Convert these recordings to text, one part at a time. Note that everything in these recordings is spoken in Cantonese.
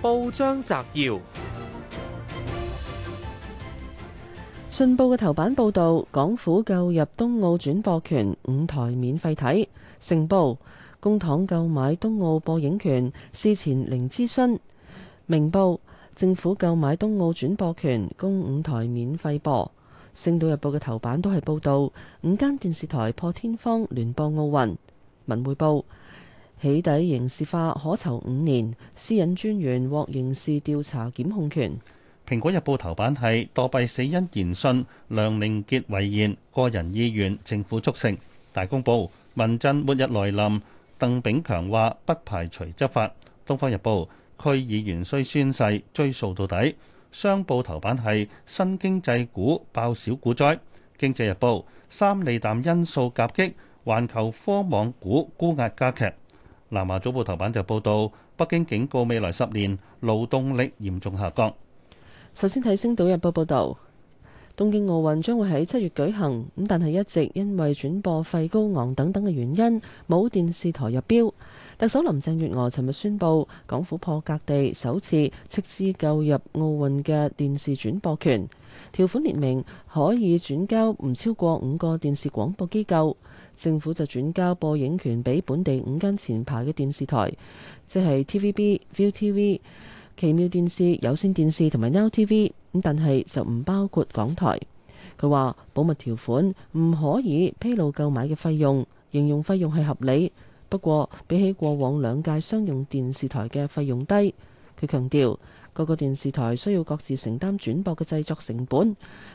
報章摘要：信報嘅頭版報道，港府購入東奧轉播權，五台免費睇。成報，公帑購買東奧播映權，事前零諮詢。明報，政府購買東奧轉播權，供五台免費播。《星島日報》嘅頭版都係報道，五間電視台破天荒聯播奧運。文匯報。起底，刑事化可囚五年，私隱專員獲刑事調查檢控權。《蘋果日報》頭版係墮斃死因研訊，梁凌杰遺言，個人意願政府促成。大公報，民陣末日來臨，鄧炳強話不排除執法。《東方日報》，區議員需宣誓追溯到底。商報頭版係新經濟股爆小股災。《經濟日報》，三利淡因素夾擊環球科網股沽壓加劇。南華早報頭版就報道，北京警告未來十年勞動力嚴重下降。首先睇《星島日報》報道，東京奧運將會喺七月舉行，咁但係一直因為轉播費高昂等等嘅原因，冇電視台入標。特首林鄭月娥尋日宣布，港府破格地首次斥資購入奧運嘅電視轉播權，條款列明可以轉交唔超過五個電視廣播機構，政府就轉交播映權俾本地五間前排嘅電視台，即係 TVB、ViuTV、奇妙電視、有線電視同埋 Now TV，咁但係就唔包括港台。佢話保密條款唔可以披露購買嘅費用，形容費用係合理。不過，比起過往兩屆商用電視台嘅費用低，佢強調各個電視台需要各自承擔轉播嘅製作成本，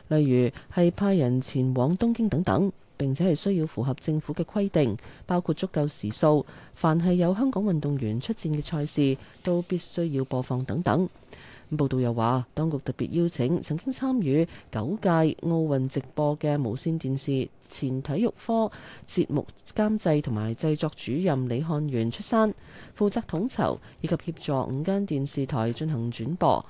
例如係派人前往東京等等，並且係需要符合政府嘅規定，包括足夠時數，凡係有香港運動員出戰嘅賽事都必須要播放等等。報道又話，當局特別邀請曾經參與九屆奧運直播嘅無線電視前體育科節目監製同埋製作主任李漢源出山，負責統籌以及協助五間電視台進行轉播。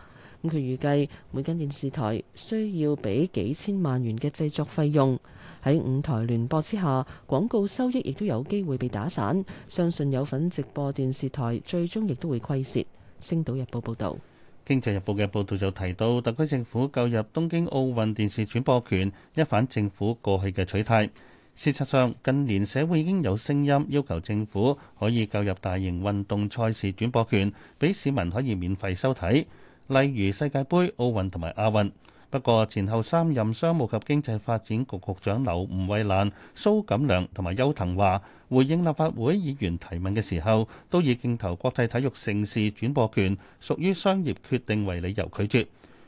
咁佢預計每間電視台需要俾幾千萬元嘅製作費用。喺五台聯播之下，廣告收益亦都有機會被打散。相信有份直播電視台最終亦都會虧蝕。《星島日報》報道。經濟日報嘅報導就提到，特區政府購入東京奧運電視轉播權，一反政府過去嘅取態。事實上，近年社會已經有聲音要求政府可以購入大型運動賽事轉播權，俾市民可以免費收睇，例如世界盃、奧運同埋亞運。不過，前後三任商務及經濟發展局局長劉吳惠蘭、蘇錦樑同埋邱騰華回應立法會議員提問嘅時候，都以競投國際體育盛事轉播權屬於商業決定為理由拒絕。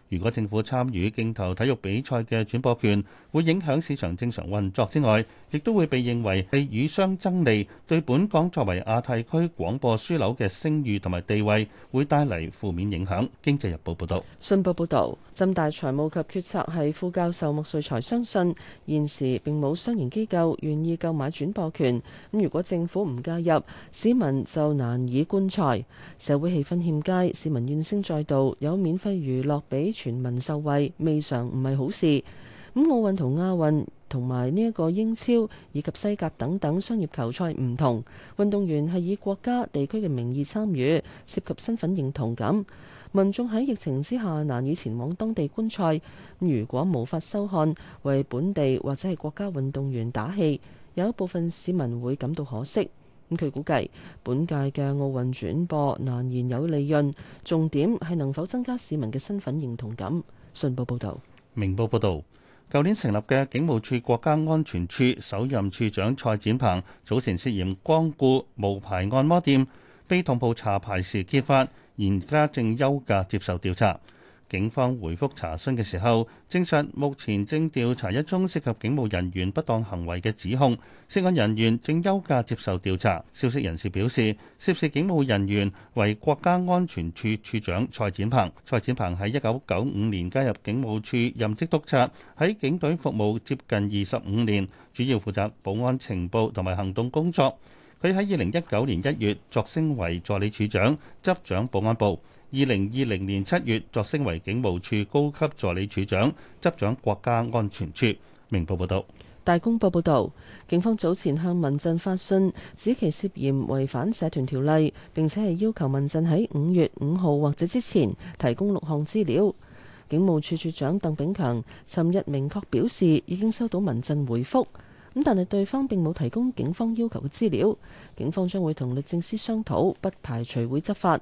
如果政府參與競投體育比賽嘅轉播權，會影響市場正常運作之外，亦都會被認為係與商爭利，對本港作為亞太區廣播樞紐嘅聲譽同埋地位會帶嚟負面影響。經濟日報報導，信報報導，浸大財務及決策系副教授莫瑞才相信，現時並冇商業機構願意購買轉播權。咁如果政府唔介入，市民就難以觀賽，社會氣氛欠佳，市民怨聲載道，有免費娛樂俾，全民受惠，未嘗唔係好事。咁奧運同亞運同埋呢一個英超以及西甲等等商業球賽唔同，運動員係以國家地區嘅名義參與，涉及身份認同感。民眾喺疫情之下難以前往當地觀賽，如果無法收看為本地或者係國家運動員打氣，有一部分市民會感到可惜。咁佢估計，本屆嘅奧運轉播難言有利潤，重點係能否增加市民嘅身份認同感。信報報導，明報報導，舊年成立嘅警務處國家安全處首任處長蔡展鵬，早前涉嫌光顧無牌按摩店，被同步查牌時揭發，現家正休假接受調查。警方回覆查詢嘅時候，證實目前正調查一宗涉及警務人員不當行為嘅指控，涉案人員正休假接受調查。消息人士表示，涉事警務人員為國家安全處處長蔡展鵬。蔡展鵬喺一九九五年加入警務處任職督察，喺警隊服務接近二十五年，主要負責保安情報同埋行動工作。佢喺二零一九年一月擢升為助理處長，執掌保安部；二零二零年七月擢升為警務處高級助理處長，執掌國家安全處。明報報道。大公報報道，警方早前向民陣發信，指其涉嫌違反社團條例，並且係要求民陣喺五月五號或者之前提供六項資料。警務處處長鄧炳強尋日明確表示，已經收到民陣回覆。咁但係對方並冇提供警方要求嘅資料，警方將會同律政司商討，不排除會執法。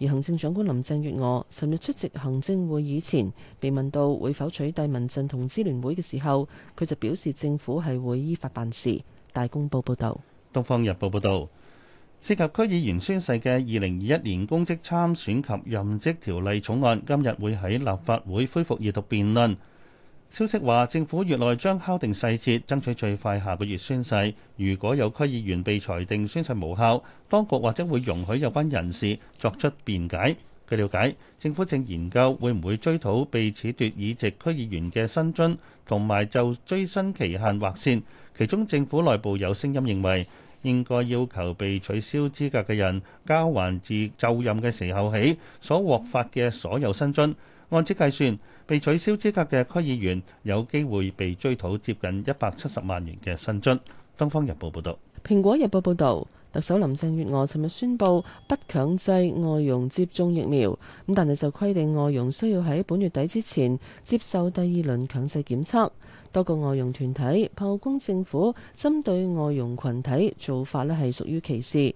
而行政長官林鄭月娥尋日出席行政會議前，被問到會否取締民陣同支聯會嘅時候，佢就表示政府係會依法辦事。大公報報導，《東方日報》報導，涉及區議員宣誓嘅二零二一年公職參選及任職條例草案，今日會喺立法會恢復二讀辯論。消息話，政府月內將敲定細節，爭取最快下個月宣誓。如果有區議員被裁定宣誓無效，當局或者會容許有關人士作出辯解。據了解，政府正研究會唔會追討被褫奪議席區議員嘅薪津，同埋就追薪期限劃線。其中，政府內部有聲音認為，應該要求被取消資格嘅人交還自就任嘅時候起所獲發嘅所有薪津。按此計算，被取消資格嘅區議員有機會被追討接近一百七十萬元嘅薪津。《東方日報》報道。《蘋果日報》報道，特首林鄭月娥尋日宣布不強制外傭接種疫苗，咁但係就規定外傭需要喺本月底之前接受第二輪強制檢測。多個外傭團體炮轟政府針對外傭群體做法咧係屬於歧視。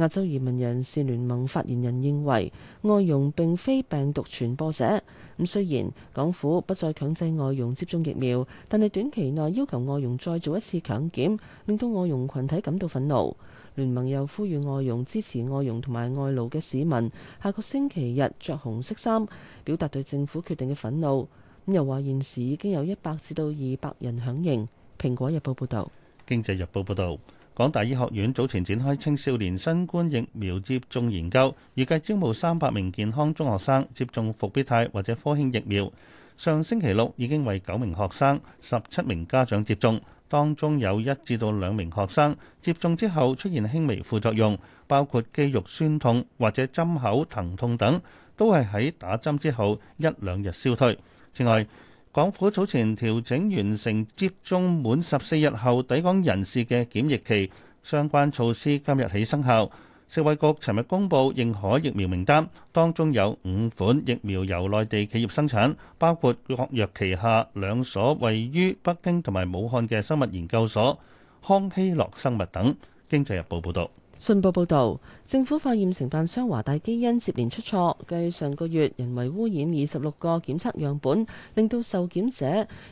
亞洲移民人士聯盟發言人認為，外傭並非病毒傳播者。咁雖然港府不再強制外傭接種疫苗，但係短期內要求外傭再做一次強檢，令到外傭群體感到憤怒。聯盟又呼籲外傭支持外傭同埋外勞嘅市民，下個星期日着紅色衫表達對政府決定嘅憤怒。咁又話現時已經有一百至到二百人響應。蘋果日報報道。經濟日報報道。港大醫學院早前展開青少年新冠疫苗接種研究，預計招募三百名健康中學生接種復必泰或者科興疫苗。上星期六已經為九名學生、十七名家長接種，當中有一至到兩名學生接種之後出現輕微副作用，包括肌肉酸痛或者針口疼痛等，都係喺打針之後一兩日消退。此外，港府早前調整完成接種滿十四日後抵港人士嘅檢疫期相關措施，今日起生效。食衞局尋日公布認可疫苗名單，當中有五款疫苗由內地企業生產，包括國藥旗下兩所位於北京同埋武漢嘅生物研究所、康希諾生物等。經濟日報報導。信報報導，政府化驗承辦商華大基因接連出錯，繼上個月人為污染二十六個檢測樣本，令到受檢者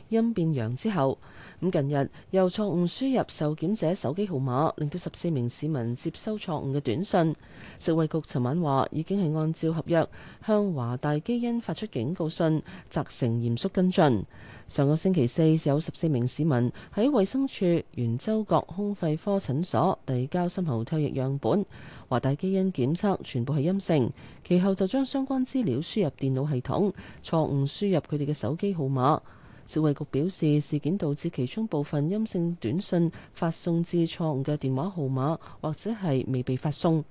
陰變陽之後。咁近日又錯誤輸入受檢者手機號碼，令到十四名市民接收錯誤嘅短信。食衛局尋晚話，已經係按照合約向華大基因發出警告信，責成嚴肅跟進。上個星期四有十四名市民喺衛生署圓洲角胸肺科診所遞交深喉唾液樣本，華大基因檢測全部係陰性，其後就將相關資料輸入電腦系統，錯誤輸入佢哋嘅手機號碼。衞局表示，事件導致其中部分陰性短信發送至錯誤嘅電話號碼，或者係未被發送。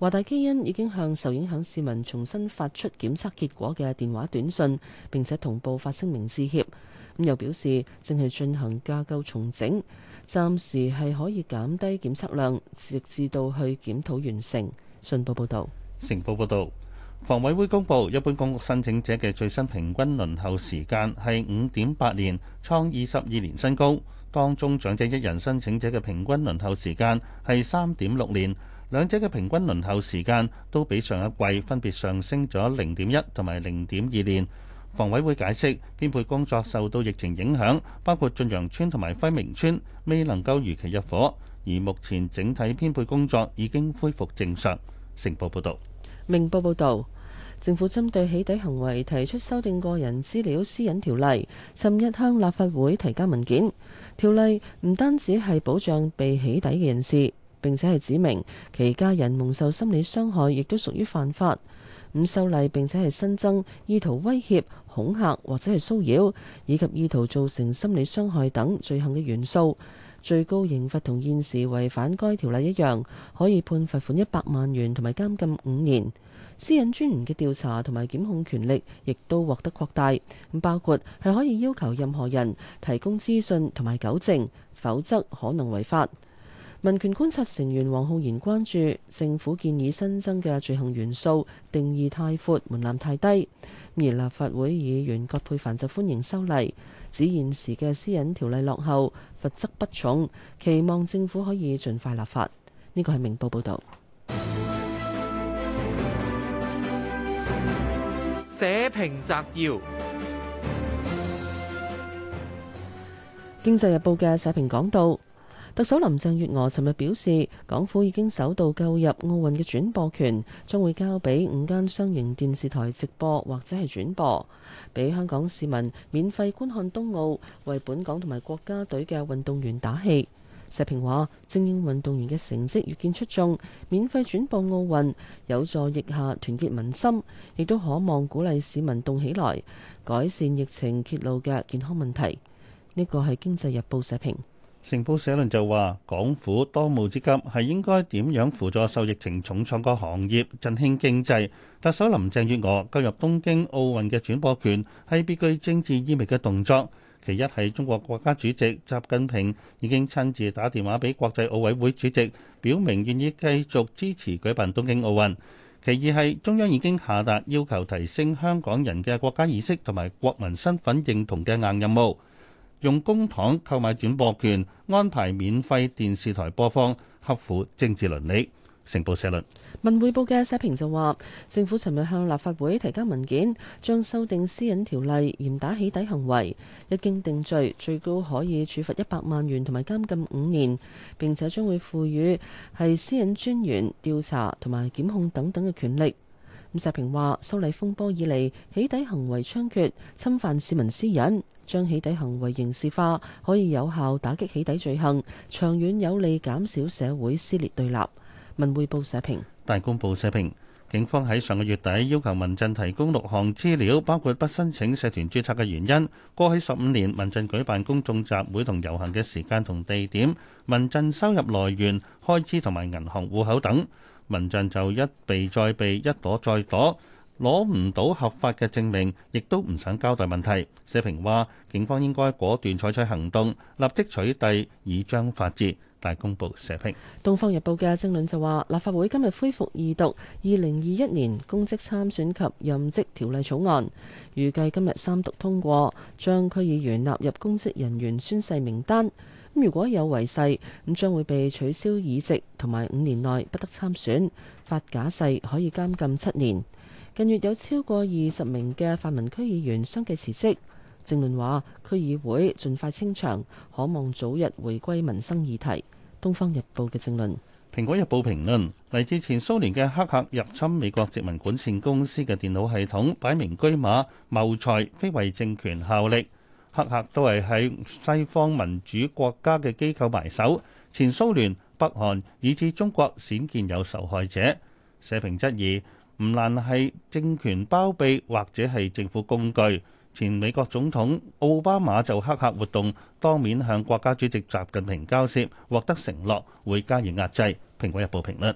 華大基因已經向受影響市民重新發出檢測結果嘅電話短信，並且同步發聲明致歉。咁又表示，正係進行架構重整，暫時係可以減低檢測量，直至到去檢討完成。信報報導，成報報導。房委會公布，一般公屋申請者嘅最新平均輪候時間係五點八年，創二十二年新高。當中長者一人申請者嘅平均輪候時間係三點六年，兩者嘅平均輪候時間都比上一季分別上升咗零點一同埋零點二年。房委會解釋編配工作受到疫情影響，包括進陽村同埋輝明村未能夠如期入伙，而目前整體編配工作已經恢復正常。成報報道。明報報導。政府針對起底行為提出修訂個人資料私隱條例，尋日向立法會提交文件。條例唔單止係保障被起底嘅人士，並且係指明其家人蒙受心理傷害亦都屬於犯法。咁修例並且係新增意圖威脅、恐嚇或者係騷擾，以及意圖造成心理傷害等罪行嘅元素。最高刑罰同現時違反該條例一樣，可以判罰款一百萬元同埋監禁五年。私隱專員嘅調查同埋檢控權力，亦都獲得擴大，包括係可以要求任何人提供資訊同埋糾正，否則可能違法。民權觀察成員黃浩然關注政府建議新增嘅罪行元素，定義太闊，門檻太低。而立法會議員郭佩凡就歡迎修例，指現時嘅私隱條例落後，罰則不重，期望政府可以盡快立法。呢個係明報報導。社評摘要：經濟日報嘅社評講到，特首林鄭月娥尋日表示，港府已經首度購入奧運嘅轉播權，將會交俾五間商營電視台直播或者係轉播，俾香港市民免費觀看東奧，為本港同埋國家隊嘅運動員打氣。社評話：精英運動員嘅成績越見出眾，免費轉播奧運有助疫下團結民心，亦都可望鼓勵市民動起來，改善疫情揭露嘅健康問題。呢個係《經濟日報》社評。《成報》社論就話：港府當務之急係應該點樣輔助受疫情重創嘅行業，振興經濟。特首林鄭月娥購入東京奧運嘅轉播權係別具政治意味嘅動作。其一係中國國家主席習近平已經親自打電話俾國際奧委會主席，表明願意繼續支持舉辦東京奧運。其二係中央已經下達要求提升香港人嘅國家意識同埋國民身份認同嘅硬任務，用公帑購買轉播權，安排免費電視台播放，克服政治倫理。城報社論文匯報嘅社評就話：政府尋日向立法會提交文件，將修訂私隱條例，嚴打起底行為。一經定罪，最高可以處罰一百萬元同埋監禁五年。並且將會賦予係私隱專員調查同埋檢控等等嘅權力。咁社評話：修例風波以嚟，起底行為猖獗，侵犯市民私隱，將起底行為刑事化，可以有效打擊起底罪行，長遠有利減少社會撕裂對立。文匯報社評：大公報社評，警方喺上個月底要求民陣提供六項資料，包括不申請社團註冊嘅原因、過去十五年民陣舉辦公眾集會同遊行嘅時間同地點、民陣收入來源、開支同埋銀行戶口等。民陣就一避再避，一躲再躲，攞唔到合法嘅證明，亦都唔想交代問題。社評話，警方應該果斷採取行動，立即取締以彰法治。大公報社評，《東方日報》嘅政論就話，立法會今日恢復二讀《二零二一年公職參選及任職條例草案》，預計今日三讀通過，將區議員納入公職人員宣誓名單。如果有違誓，咁將會被取消議席同埋五年內不得參選。發假誓可以監禁七年。近月有超過二十名嘅泛民區議員相繼辭職，政論話區議會盡快清場，可望早日回歸民生議題。《東方日報》嘅正論，《蘋果日報》評論嚟自前蘇聯嘅黑客入侵美國殖民管線公司嘅電腦系統，擺明車馬謀財，非為政權效力。黑客都係喺西方民主國家嘅機構埋手，前蘇聯、北韓以至中國，鮮見有受害者。社評質疑唔難係政權包庇，或者係政府工具。前美國總統奧巴馬就黑客活動當面向國家主席習近平交涉，獲得承諾會加以壓制。《蘋果日報》評論。